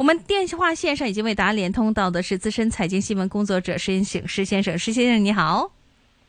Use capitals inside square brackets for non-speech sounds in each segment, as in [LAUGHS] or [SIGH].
我們電話線上已經為大家連通到的是資深財經新聞工作者施仁醒先生，施先生你好。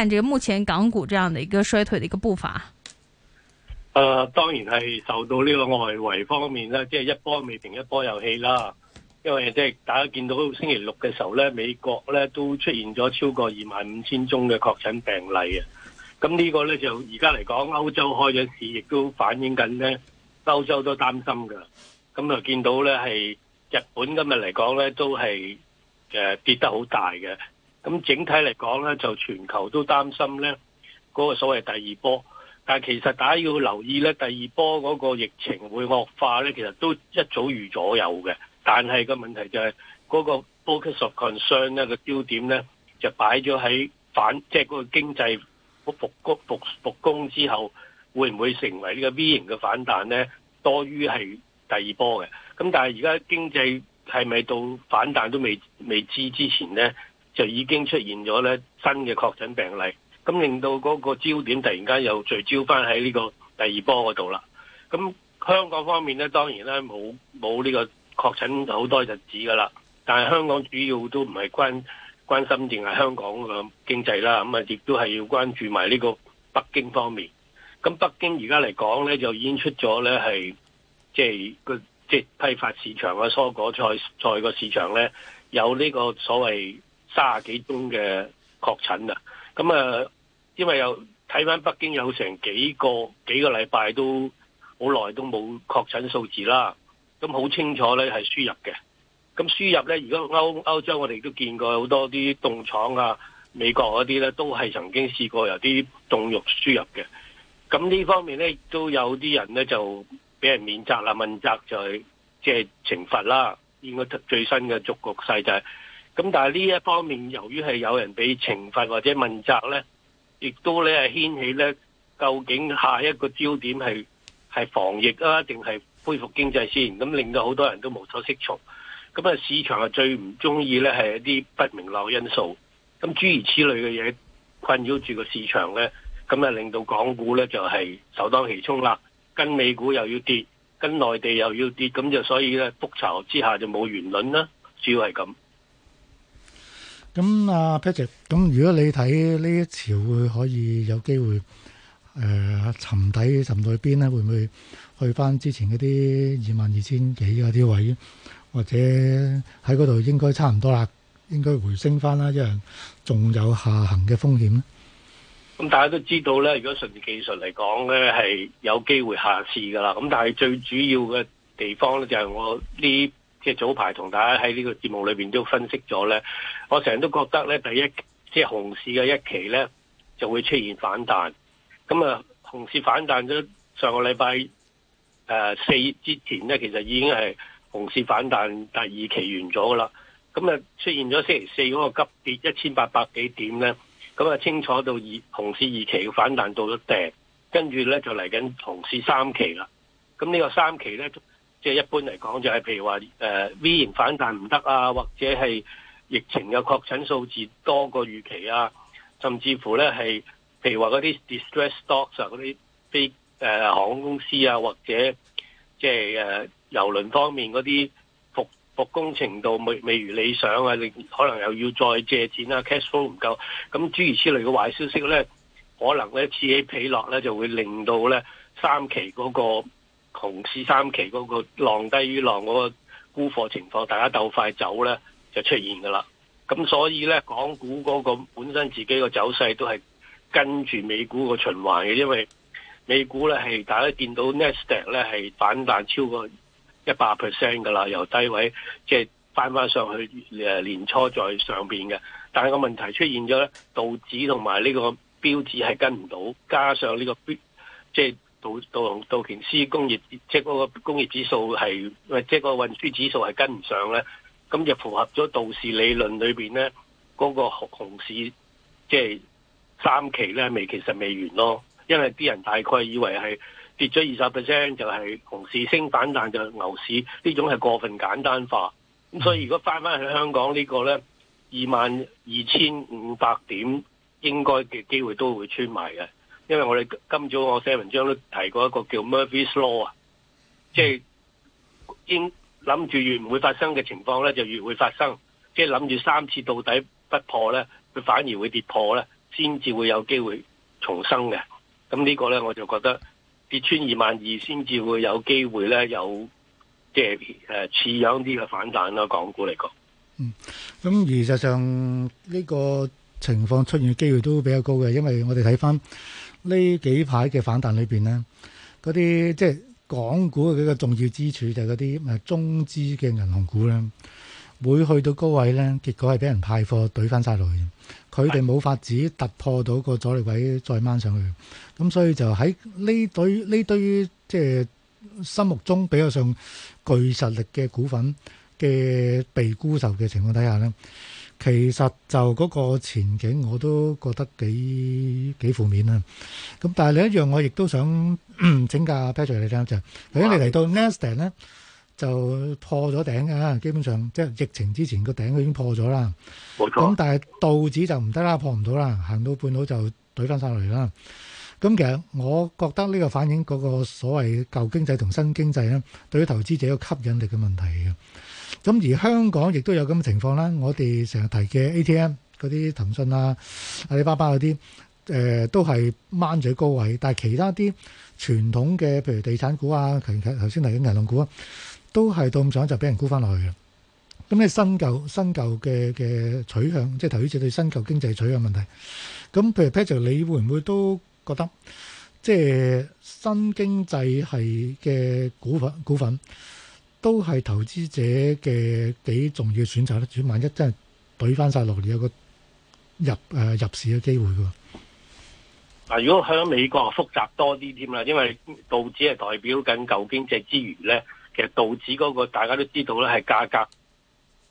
看住目前港股這樣的一個衰退的一個步伐，誒、呃，當然係受到呢個外圍方面咧，即、就、係、是、一波未平一波又起啦。因為即係大家見到星期六嘅時候咧，美國咧都出現咗超過二萬五千宗嘅確診病例啊。咁呢個咧就而家嚟講，歐洲開咗市，亦都反映緊咧歐洲都擔心噶。咁啊，見到咧係日本今日嚟講咧都係誒跌得好大嘅。咁整體嚟講咧，就全球都擔心咧嗰個所謂第二波，但係其實大家要留意咧，第二波嗰個疫情會惡化咧，其實都一早預咗有嘅。但係個問題就係嗰個 focus of concern 咧個焦點咧就擺咗喺反即係嗰個經濟復工工之後會唔會成為呢個 V 型嘅反彈咧？多於係第二波嘅。咁但係而家經濟係咪到反彈都未未知之前咧，就已經出現咗咧新嘅確診病例，咁令到嗰個焦點突然間又聚焦翻喺呢個第二波嗰度啦。咁香港方面咧，當然咧冇冇呢個確診好多日子噶啦，但係香港主要都唔係關關心淨係香港嘅經濟啦，咁啊亦都係要關注埋呢個北京方面。咁北京而家嚟講咧，就已經出咗咧係即係個即係批發市場呀，蔬果菜菜個市場咧，有呢個所謂。卅幾宗嘅確診啊！咁啊，因為有睇翻北京有成幾個幾個禮拜都好耐都冇確診數字啦。咁好清楚咧係輸入嘅。咁輸入咧，如果歐歐洲我哋都見過好多啲凍廠啊，美國嗰啲咧都係曾經試過有啲凍肉輸入嘅。咁呢方面咧都有啲人咧就俾人免責啦，問責就係即係懲罰啦。應該最新嘅逐局勢就係、是。咁但係呢一方面，由於係有人俾懲罰或者問責呢，亦都咧係掀起呢，究竟下一個焦點係防疫啊，定係恢復經濟先？咁令到好多人都無所適從。咁啊，市場啊最唔中意呢，係一啲不明朗因素。咁諸如此類嘅嘢困擾住個市場呢，咁啊令到港股呢，就係首當其衝啦。跟美股又要跌，跟內地又要跌，咁就所以呢，覆巢之下就冇完卵啦。主要係咁。咁啊，Patrick，咁如果你睇呢一潮會可以有機會誒沉底沉到去邊咧？會唔會去翻之前嗰啲二萬二千幾嗰啲位，或者喺嗰度應該差唔多啦，應該回升翻啦，因為仲有下行嘅風險咧。咁大家都知道咧，如果純技術嚟講咧，係有機會下次噶啦。咁但係最主要嘅地方咧，就係我呢。即係早排同大家喺呢個節目裏面都分析咗咧，我成日都覺得咧，第一即係熊市嘅一期咧就會出現反彈。咁啊，熊市反彈咗上個禮拜誒四之前咧，其實已經係熊市反彈第二期完咗噶啦。咁啊，出現咗星期四嗰個急跌一千八百幾點咧，咁啊清楚到二熊市二期嘅反彈到咗頂，跟住咧就嚟緊熊市三期啦。咁呢個三期咧。即係一般嚟講，就係譬如話誒 V 型反彈唔得啊，或者係疫情嘅確診數字多過預期啊，甚至乎咧係譬如話嗰啲 distress stocks 啊，嗰啲飛誒航空公司啊，或者即係誒郵輪方面嗰啲復復工程度未未如理想啊，可能又要再借錢啊，cash flow 唔夠，咁諸如此類嘅壞消息咧，可能咧此起彼落咧就會令到咧三期嗰個。熊市三期嗰個浪低於浪嗰個沽貨情況，大家鬥快走咧就出現噶啦。咁所以咧，港股嗰個本身自己個走勢都係跟住美股個循環嘅，因為美股咧係大家見到 Nasdaq 咧係反彈超過一百 percent 噶啦，由低位即係翻翻上去誒年初在上邊嘅。但係個問題出現咗咧，道指同埋呢個標指係跟唔到，加上呢個即係。就是道道道瓊斯工業即係嗰個工業指數係，即係個運輸指數係跟唔上咧，咁就符合咗道氏理論裏面咧嗰、嗰個熊市，即係三期咧未，其實未完咯。因為啲人大概以為係跌咗二十 percent 就係、係、熊市，升反彈就牛市，呢種係過分簡單化。咁所以如果翻翻去香港個呢個咧，二萬二千五百點應該嘅機會都會穿埋嘅。因為我哋今早我寫文章都提過一個叫 Murphy's Law 啊，即係應諗住越唔會發生嘅情況咧，就越會發生。即係諗住三次到底不破咧，佢反而會跌破咧，先至會有機會重生嘅。咁呢個咧，我就覺得跌穿二萬二先至會有機會咧，有即係誒似樣啲嘅反彈啦。港股嚟講，嗯，咁而實際上呢個情況出現嘅機會都比較高嘅，因為我哋睇翻。呢幾排嘅反彈裏面咧，嗰啲即係港股嘅幾個重要支柱就係嗰啲誒中資嘅銀行股咧，每去到高位咧，結果係俾人派貨堆翻晒落去，佢哋冇法子突破到個阻力位再掹上去。咁所以就喺呢對呢堆，堆即係心目中比較上具實力嘅股份嘅被沽售嘅情況底下咧。其實就嗰個前景我都覺得幾幾負面啊！咁但係另一樣我亦都想請教 Patrick 你聽就，由於嚟到納指咧就破咗頂嘅啊，基本上即係疫情之前個頂已經破咗啦。冇錯。咁但係道指就唔得啦，破唔到啦，行到半路就攰翻曬落嚟啦。咁其實我覺得呢個反映嗰個所謂舊經濟同新經濟咧，對於投資者嘅吸引力嘅問題嘅。咁而香港亦都有咁嘅情況啦。我哋成日提嘅 ATM 嗰啲騰訊啊、阿里巴巴嗰啲，誒、呃、都係掹咗高位。但係其他啲傳統嘅，譬如地產股啊、頭頭先提緊銀行股啊，都係到咁上下就俾人估翻落去嘅。咁你新舊新舊嘅嘅取向，即係頭資者對新舊經濟取向問題。咁譬如 p a t r c 你會唔會都覺得即係新經濟係嘅股份股份？股份都係投資者嘅幾重要選擇啦。主要萬一真係懟翻晒落嚟，有一個入誒，入市嘅機會嘅。嗱，如果響美國啊，複雜多啲添啦，因為道指係代表緊舊經濟之餘咧，其實道指嗰個大家都知道咧，係價格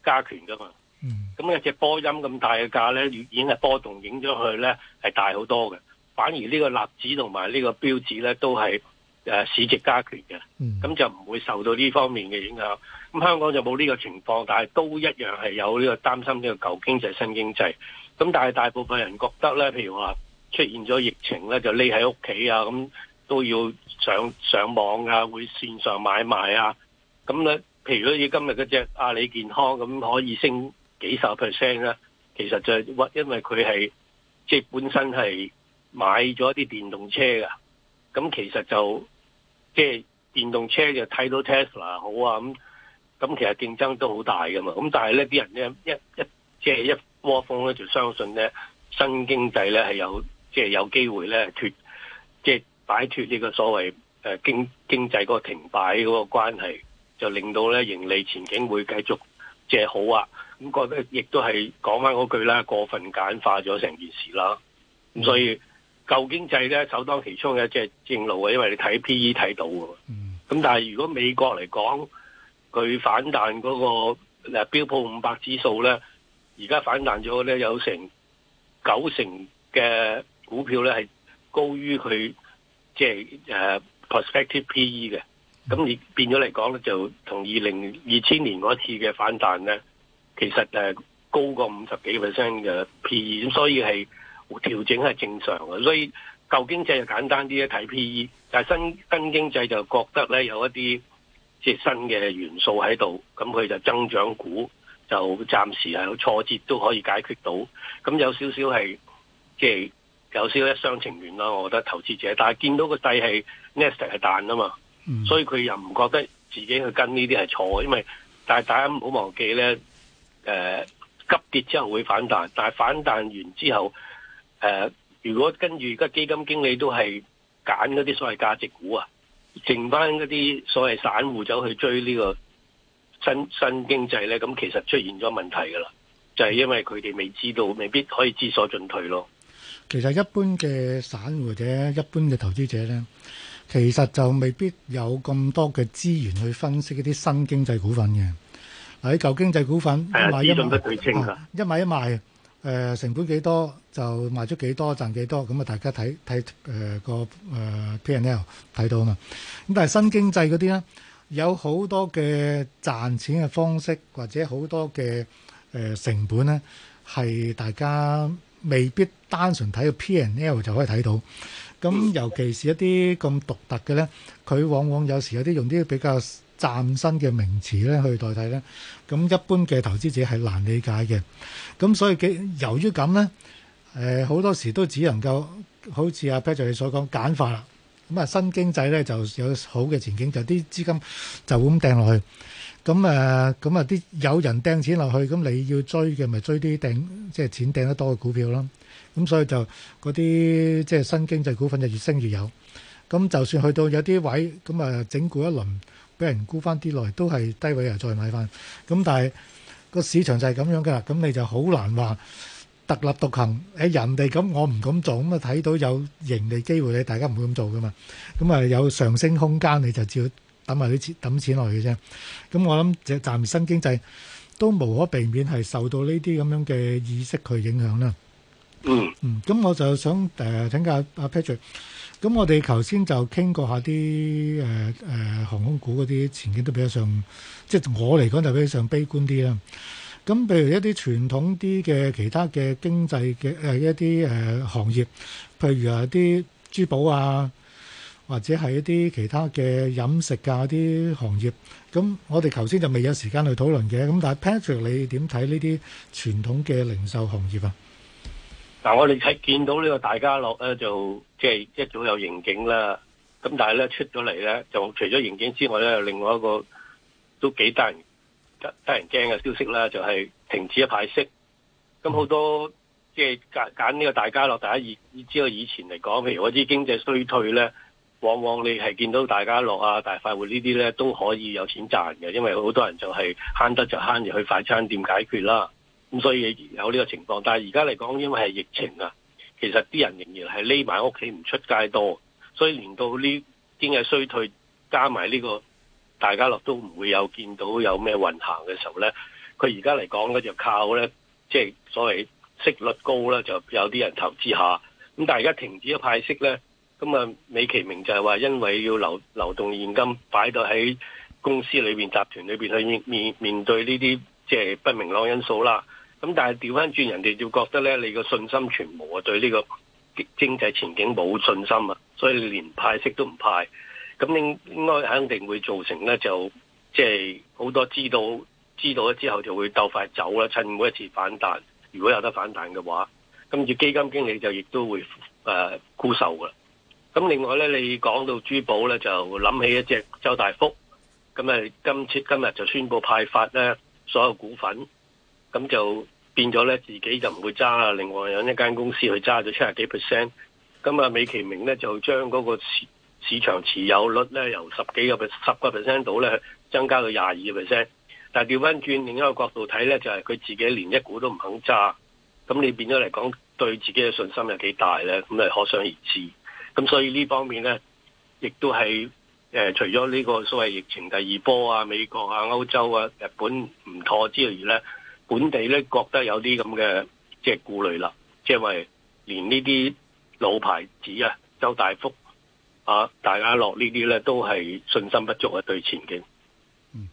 加權㗎嘛。嗯。咁有隻波音咁大嘅價咧，已經係波動影咗去咧係大好多嘅。反而呢個納指同埋呢個標指咧都係。誒市值加權嘅，咁就唔會受到呢方面嘅影響。咁香港就冇呢個情況，但係都一樣係有呢個擔心呢個舊經濟新經濟。咁但係大部分人覺得咧，譬如話出現咗疫情咧，就匿喺屋企啊，咁都要上上網啊，會線上買賣啊。咁咧，譬如好似今日嗰隻阿里健康咁，可以升幾十 percent 咧，其實就係、因為佢係即係本身係買咗一啲電動車㗎，咁其實就。即係電動車就睇到 Tesla 好啊，咁咁其實競爭都好大噶嘛，咁但係咧啲人咧一一即係一,一窩蜂咧就相信咧新經濟咧係有即係、就是、有機會咧脱即係擺脱呢個所謂誒經經濟嗰個停擺嗰個關係，就令到咧盈利前景會繼續即係、就是、好啊，咁覺得亦都係講翻嗰句啦，過分簡化咗成件事啦，咁所以。嗯舊經濟咧首當其衝嘅即係正路嘅，因為你睇 P E 睇到嘅。咁但係如果美國嚟講，佢反彈嗰個誒標普五百指數咧，而家反彈咗咧有成九成嘅股票咧係高於佢即係誒 prospective P E 嘅。咁、就是 uh, 你變咗嚟講咧，就同二零二千年嗰次嘅反彈咧，其實誒高過五十幾 percent 嘅 P E，咁所以係。調整係正常嘅，所以舊經濟就簡單啲睇 PE，但係新新經濟就覺得咧有一啲即係新嘅元素喺度，咁佢就增長股就暫時係有挫折都可以解決到，咁有少少係即係有少少一廂情願啦。我覺得投資者，但係見到個勢係 nest 係彈啊嘛，所以佢又唔覺得自己去跟呢啲係錯，因為但係大家唔好忘記咧，誒、呃、急跌之後會反彈，但係反彈完之後。誒、啊，如果跟住而家基金經理都係揀嗰啲所謂價值股啊，剩翻嗰啲所謂散戶走去追呢個新新經濟咧，咁其實出現咗問題噶啦，就係、是、因為佢哋未知道，未必可以知所進退咯。其實一般嘅散戶者，一般嘅投資者咧，其實就未必有咁多嘅資源去分析一啲新經濟股份嘅喺舊經濟股份，買一唔噶，一買一,一賣。誒、呃、成本幾多就賣咗幾多賺幾多咁啊！大家睇睇誒個誒 P&L 睇到啊嘛。咁但係新經濟嗰啲咧，有好多嘅賺錢嘅方式，或者好多嘅、呃、成本咧，係大家未必單純睇個 P&L 就可以睇到。咁尤其是一啲咁獨特嘅咧，佢往往有時有啲用啲比較嶄新嘅名詞咧去代替咧，咁一般嘅投資者係難理解嘅。咁所以，由於咁咧，誒好多時都只能夠好似阿 Patrick 所講簡化啦。咁啊，新經濟咧就有好嘅前景，就啲資金就會咁掟落去。咁誒咁啊，啲有人掟錢落去，咁你要追嘅咪追啲掟即係錢掟得多嘅股票咯。咁所以就嗰啲即係新經濟股份就越升越有。咁就算去到有啲位咁啊，整固一輪。俾人沽翻啲來，都係低位又再買翻。咁但係個市場就係咁樣㗎啦。咁你就好難話特立獨行喺人哋咁，我唔敢做。咁啊睇到有盈利機會，你大家唔會咁做噶嘛。咁啊有上升空間，你就照揼埋啲錢揼錢落去嘅啫。咁我諗就暫時新經濟都無可避免係受到呢啲咁樣嘅意識去影響啦。嗯嗯。咁我就想誒請教阿 Patrick。咁我哋頭先就傾過下啲誒、呃呃、航空股嗰啲前景都比較上，即係我嚟講就比較上悲觀啲啦。咁譬如一啲傳統啲嘅其他嘅經濟嘅、呃、一啲、呃、行業，譬如啊啲珠寶啊，或者係一啲其他嘅飲食啊啲行業。咁我哋頭先就未有時間去討論嘅。咁但係 Patrick，你點睇呢啲傳統嘅零售行業啊？嗱、啊，我哋睇見到呢個大家樂咧，就即係、就是、一早有盈警啦。咁但係咧出咗嚟咧，就除咗盈警之外咧，又另外一個都幾得人得得人驚嘅消息啦，就係、是、停止一派息。咁好多即係揀呢個大家樂，大家以知道以前嚟講，譬如我知經濟衰退咧，往往你係見到大家樂啊、大快活呢啲咧都可以有錢賺嘅，因為好多人就係慳得就慳而去快餐店解決啦。咁所以有呢個情況，但係而家嚟講，因為係疫情啊，其實啲人仍然係匿埋屋企唔出街多，所以連到呢經濟衰退加埋呢個大家樂都唔會有見到有咩運行嘅時候呢，佢而家嚟講咧就靠呢，即係所謂息率高啦，就有啲人投資下。咁但係而家停止咗派息呢，咁啊美其名就係話因為要流流動現金擺到喺公司裏邊、集團裏邊去面面對呢啲即係不明朗因素啦。咁但係調翻轉，人哋要覺得咧，你個信心全無啊，對呢個經濟前景冇信心啊，所以你連派息都唔派。咁應應該肯定會造成咧，就即係好多知道知道咗之後，就會鬥快走啦，趁每一次反彈，如果有得反彈嘅話，跟住基金經理就亦都會誒沽售噶啦。咁、呃、另外咧，你講到珠寶咧，就諗起一隻周大福。咁誒，今次今日就宣布派發咧所有股份。咁就變咗咧，自己就唔會揸啦。另外有一間公司去揸咗七十幾 percent。咁啊，美其名咧就將嗰個市場持有率咧由十幾個 percent 十個 percent 度咧增加到廿二個 percent。但係調翻轉另一個角度睇咧，就係佢自己連一股都唔肯揸。咁你變咗嚟講，對自己嘅信心有幾大咧？咁啊，可想而知。咁所以呢方面咧，亦都係、呃、除咗呢個所謂疫情第二波啊，美國啊、歐洲啊、日本唔妥之類咧。本地咧覺得有啲咁嘅即係顧慮啦，即係為連呢啲老牌子啊，周大福啊、大家樂呢啲咧，都係信心不足啊，對前景。嗯，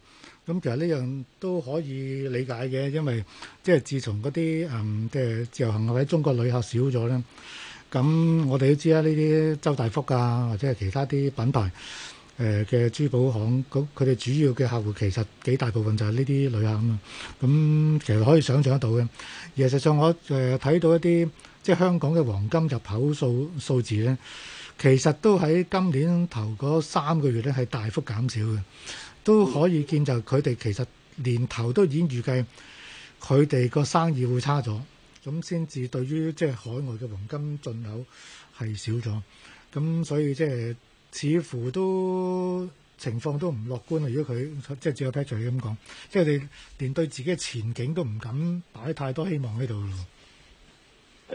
咁其實呢樣都可以理解嘅，因為即係自從嗰啲嗯嘅自由行或者中國旅客少咗咧，咁我哋都知啦，呢啲周大福啊，或者係其他啲品牌。誒、呃、嘅珠寶行，咁佢哋主要嘅客戶其實幾大部分就係呢啲旅客啊嘛，咁其實可以想像得到嘅。而實際上我睇、呃、到一啲即係香港嘅黃金入口數，數字咧，其實都喺今年頭嗰三個月咧係大幅減少嘅，都可以見就佢哋其實年頭都已經預計佢哋個生意會差咗，咁先至對於即係海外嘅黃金進口係少咗，咁所以即係。似乎都情況都唔樂觀啊！如果佢即係只有 Patrick 咁講，即係你連對自己嘅前景都唔敢擺太多希望喺度咯。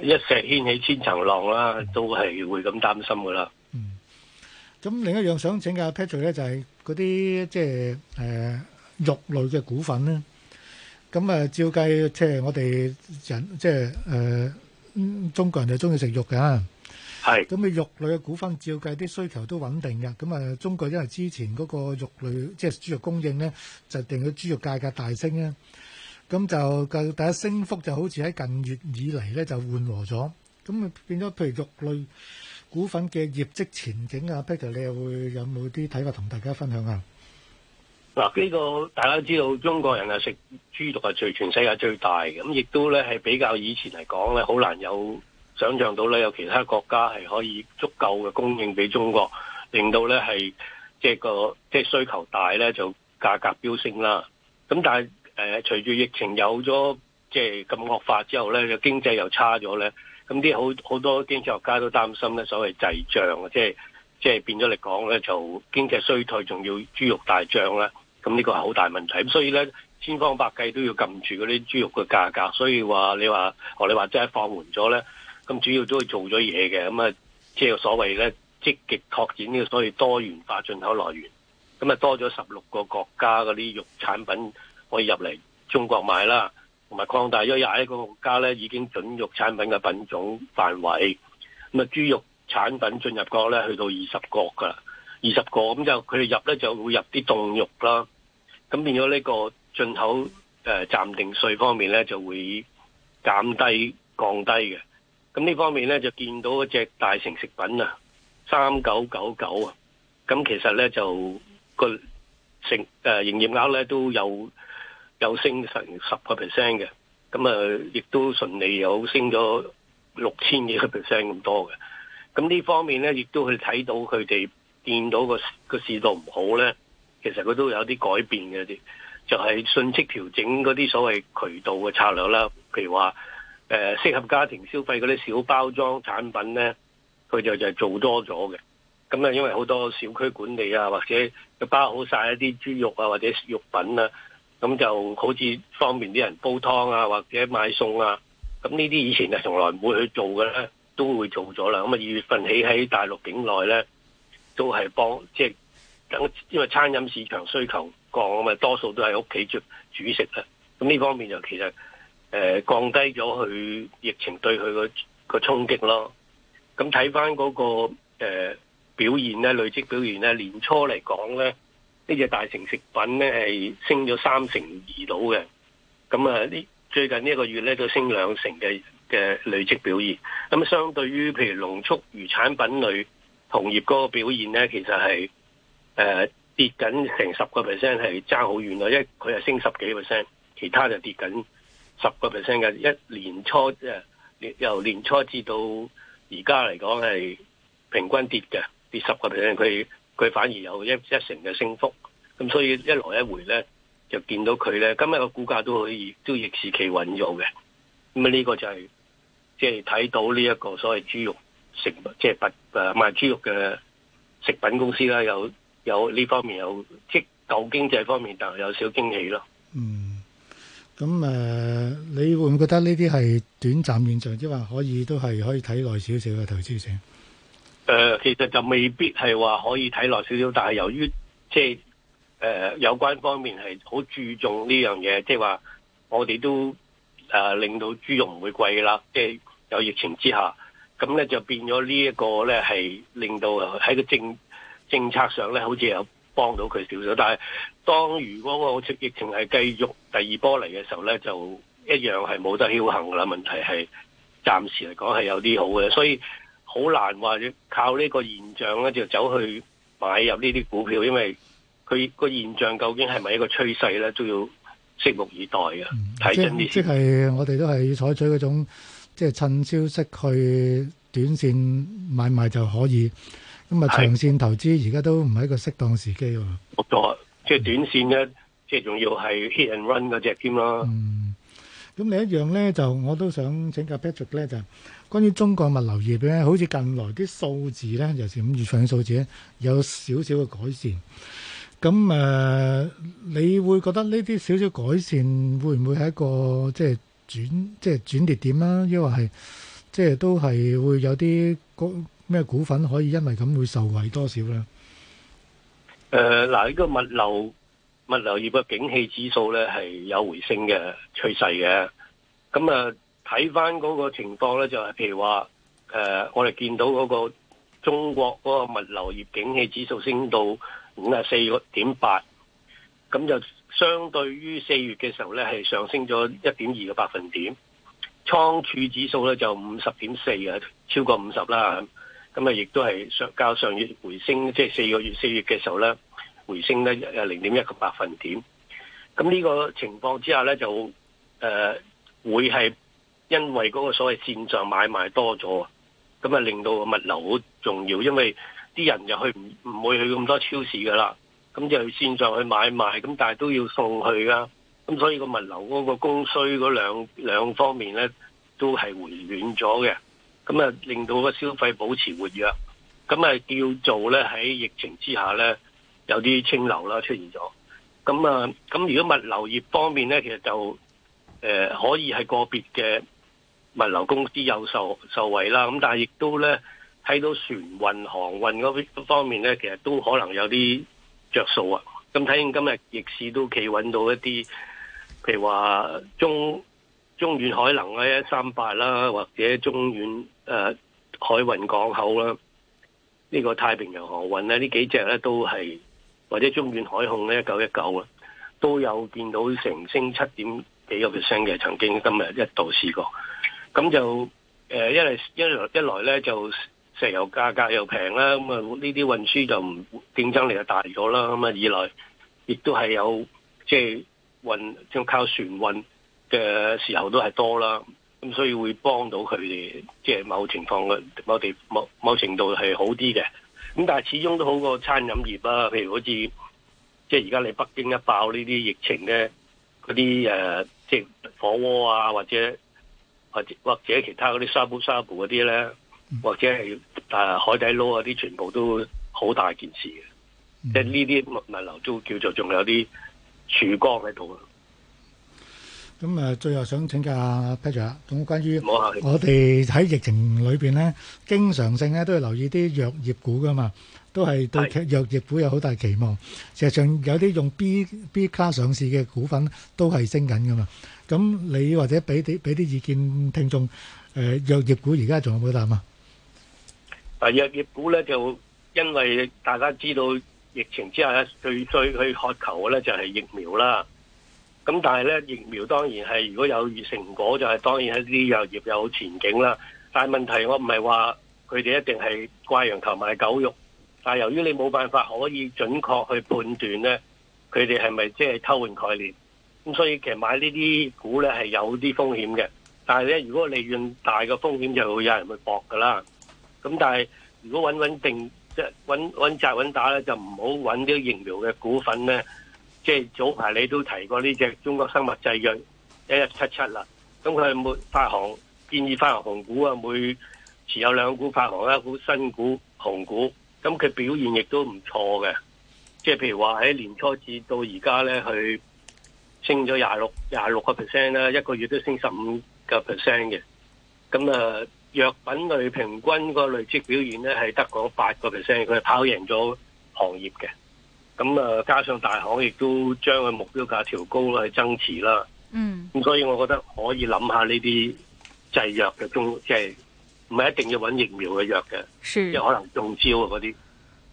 一石掀起千層浪啦，都係會咁擔心噶啦。嗯。咁另一樣想請教 Patrick 咧，就係嗰啲即係誒肉類嘅股份咧。咁啊，照計即係、就是、我哋人即係誒中國人就中意食肉㗎。係咁啊，肉類嘅股份照計啲需求都穩定㗎。咁啊，中國因為之前嗰個肉類即係豬肉供應咧，就令到豬肉價格大升啊。咁就個第一升幅就好似喺近月以嚟咧就緩和咗。咁啊，變咗譬如肉類股份嘅業績前景啊，Peter，你又會有冇啲睇法同大家分享下啊？嗱，呢個大家都知道，中國人啊食豬肉係最全世界最大嘅。咁亦都咧係比較以前嚟講咧，好難有。想象到咧有其他國家係可以足夠嘅供應俾中國，令到咧係即係個即係、就是、需求大咧就價格飆升啦。咁但係誒、呃，隨住疫情有咗即係咁惡化之後咧，又經濟又差咗咧，咁啲好好多經濟學家都擔心咧，所謂滯漲啊，即係即係變咗嚟講咧，就是就是、呢經濟衰退仲要豬肉大漲啦。咁呢個係好大問題。咁所以咧，千方百計都要撳住嗰啲豬肉嘅價格。所以話你話，哦，你話真係放緩咗咧。咁主要都係做咗嘢嘅，咁啊，即係所謂咧積極拓展呢個所謂多元化進口來源，咁啊多咗十六個國家嗰啲肉產品可以入嚟中國買啦，同埋擴大咗廿一個國家咧已經準肉產品嘅品種範圍，咁啊豬肉產品進入國咧去到二十國㗎，二十個咁就佢哋入咧就會入啲凍肉啦，咁變咗呢個進口、呃、暫定稅方面咧就會減低降低嘅。咁呢方面咧就見到嗰隻大成食品啊，三九九九啊，咁其實咧就個成誒、呃、營業額咧都有有升成十個 percent 嘅，咁啊亦都順利有升咗六千幾個 percent 咁多嘅。咁呢方面咧亦都去睇到佢哋見到、那個個市道唔好咧，其實佢都有啲改變嘅啲，就係、是、迅速調整嗰啲所謂渠道嘅策略啦，譬如話。誒適合家庭消費嗰啲小包裝產品咧，佢就就係做多咗嘅。咁咧，因為好多小區管理啊，或者包好晒一啲豬肉啊，或者肉品啊，咁就好似方便啲人煲湯啊，或者買餸啊。咁呢啲以前係從來唔會去做嘅咧，都會做咗啦。咁啊，二月份起喺大陸境內咧，都係幫即係等，因為餐飲市場需求降啊嘛，多數都係屋企煮煮食啊。咁呢方面就其實。誒降低咗佢疫情對佢個個衝擊咯。咁睇翻嗰個、呃、表現咧，累積表現咧，年初嚟講咧，呢隻大成食品咧係升咗三成二度嘅。咁啊，呢最近呢一個月咧都升兩成嘅嘅累積表現。咁相對於譬如農畜漁產品類同業嗰個表現咧，其實係誒、呃、跌緊成十個 percent，係爭好遠喇，因為佢係升十幾 percent，其他就跌緊。十個 percent 嘅，一年初即係由年初至到而家嚟講係平均跌嘅，跌十個 percent，佢佢反而有一一成嘅升幅，咁所以一來一回咧就見到佢咧，今日個股價都可以都逆市企穩咗嘅。咁啊呢個就係即係睇到呢一個所謂豬肉食，即係賣豬肉嘅食品公司啦，有有呢方面有即係舊經濟方面，但係有少驚喜咯。嗯。咁誒，你會唔會覺得呢啲係短暫現象，即係話可以都係可以睇耐少少嘅投資者？誒、呃，其實就未必係話可以睇耐少少，但係由於即係誒有關方面係好注重呢樣嘢，即係話我哋都誒、呃、令到豬肉唔會貴啦。即、就、係、是、有疫情之下，咁咧就變咗呢一個咧係令到喺個政政策上咧好似有幫到佢少少，但係當如果個疫情係繼續第二波嚟嘅時候咧，就一樣係冇得僥幸噶啦。問題係暫時嚟講係有啲好嘅，所以好難話要靠呢個現象咧就走去買入呢啲股票，因為佢個現象究竟係咪一個趨勢咧，都要拭目以待嘅。睇真啲，即係我哋都係要採取嗰種即係趁消息去短線買賣就可以。咁啊，長線投資而家都唔係一個適當時機喎。我覺，即係短線咧，即係仲要係 hit and run 嗰隻添咯。咁另一樣咧，就我都想請教 Patrick 咧，就關於中國物流業咧，好似近來啲數字咧，尤其是五月份嘅數字咧，有少少嘅改善。咁誒，你會覺得呢啲少少改善會唔會係一個即係轉即係轉跌點啦？抑或係即係都係會有啲嗰？咩股份可以因為咁會受惠多少咧？誒、呃，嗱，呢個物流物流業嘅景氣指數咧係有回升嘅趨勢嘅。咁啊，睇翻嗰個情況咧，就係、是、譬如話誒、呃，我哋見到嗰個中國嗰個物流業景氣指數升到五啊四個點八，咁就相對於四月嘅時候咧係上升咗一點二個百分點。倉儲指數咧就五十點四啊，超過五十啦。咁啊，亦都係上較上月回升，即係四個月四月嘅時候咧，回升咧零點一個百分點。咁呢個情況之下咧，就誒、呃、會係因為嗰個所謂線上買賣多咗，咁啊令到個物流好重要，因為啲人又去唔唔會去咁多超市噶啦，咁就去線上去買賣，咁但係都要送去㗎。咁所以個物流嗰個供需嗰兩,兩方面咧，都係回暖咗嘅。咁啊，令到個消費保持活躍，咁啊叫做咧喺疫情之下咧，有啲清流啦出現咗。咁啊，咁如果物流業方面咧，其實就誒、呃、可以係個別嘅物流公司有受受惠啦。咁但係亦都咧睇到船運、航運嗰方面咧，其實都可能有啲着數啊。咁睇見今日逆市都企穩到一啲，譬如話中中遠海能咧一三八啦，或者中遠。誒、呃，海運港口啦，呢、這個太平洋航運咧，呢幾隻咧都係或者中遠海控咧一九一九啦，1919，都有見到成升七點幾個 percent 嘅，曾經今日一度試過。咁就誒、呃，一嚟一來一來咧就石油價格又平啦，咁啊呢啲運輸就唔競爭力就大咗啦。咁啊二來亦都係有即係、就是、運要靠船運嘅時候都係多啦。咁所以會幫到佢哋，即係某情況嘅某地某某程度係好啲嘅。咁但係始終都好過餐飲業啦。譬如好似即係而家你北京一爆呢啲疫情咧，嗰啲即係火鍋啊，或者或者或者其他嗰啲沙煲沙煲嗰啲咧，或者係海底撈啊啲，全部都好大件事嘅、嗯。即係呢啲物流都叫做仲有啲曙光喺度啊！咁誒，最後想請教阿 Peter 啊，咁關於我哋喺疫情裏邊咧，經常性咧都係留意啲藥業股噶嘛，都係對藥業股有好大期望。事實上有啲用 B B 卡上市嘅股份都係升緊噶嘛。咁你或者俾啲俾啲意見聽眾誒，藥業股而家仲有冇得賣？誒，藥業股咧就因為大家知道疫情之下最最去渴求嘅咧就係疫苗啦。咁但係咧疫苗當然係，如果有成果就係、是、當然一啲藥業有前景啦。但係問題我唔係話佢哋一定係掛羊頭賣狗肉，但係由於你冇辦法可以準確去判斷咧，佢哋係咪即係偷換概念？咁所以其實買呢啲股咧係有啲風險嘅。但係咧如果利潤大嘅風險就會有人去搏噶啦。咁但係如果穩穩定即係穩穩紮穩打咧，就唔好揾啲疫苗嘅股份咧。即係早排你都提過呢隻中國生物製藥一一七七啦，咁佢冇發行建議發行紅股啊，每持有兩股發行一股新股紅股，咁佢表現亦都唔錯嘅。即係譬如話喺年初至到而家咧，佢升咗廿六廿六個 percent 啦，一個月都升十五個 percent 嘅。咁啊，藥品類平均個累積表現咧係得個八個 percent，佢係跑贏咗行業嘅。咁、嗯、啊，加上大行亦都將個目標價調高啦，去增持啦。嗯，咁所以我覺得可以諗下呢啲製藥嘅中，即係唔係一定要揾疫苗嘅藥嘅，有可能中招啊嗰啲。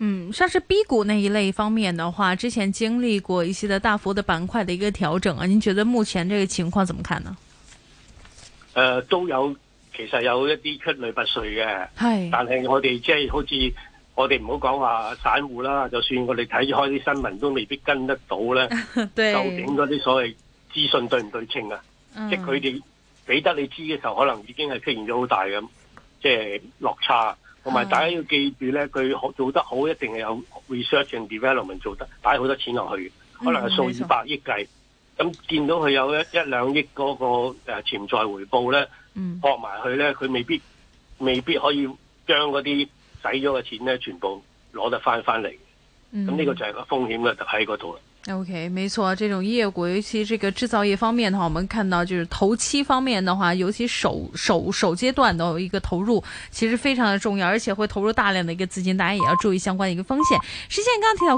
嗯，上市 B 股那一類方面的話，之前經歷過一些嘅大幅的板塊的一個調整啊，你覺得目前這個情況怎麼看呢？誒、呃，都有，其實有一啲出類拔萃嘅，係，但係我哋即係好似。我哋唔好講話散戶啦，就算我哋睇開啲新聞都未必跟得到咧。 [LAUGHS] 究竟嗰啲所謂資訊對唔對稱啊！嗯、即係佢哋俾得你知嘅時候，可能已經係出現咗好大嘅即係落差。同埋大家要記住咧，佢做得好一定係有 research and development 做得擺好多錢落去、嗯，可能係數以百億計。咁見到佢有一一兩億嗰個潛潛在回報咧、嗯，搏埋去咧，佢未必未必可以將嗰啲。使咗嘅錢呢，全部攞得翻翻嚟。咁、嗯、呢、這個就係個風險啦，就喺嗰度啦。O、okay, K，沒錯，這種業股，尤其這個製造業方面的話，我們看到就是頭期方面嘅話，尤其首首首階段的一個投入，其實非常的重要，而且會投入大量的一個資金，大家也要注意相關嘅一個風險。險。施生剛剛提到股。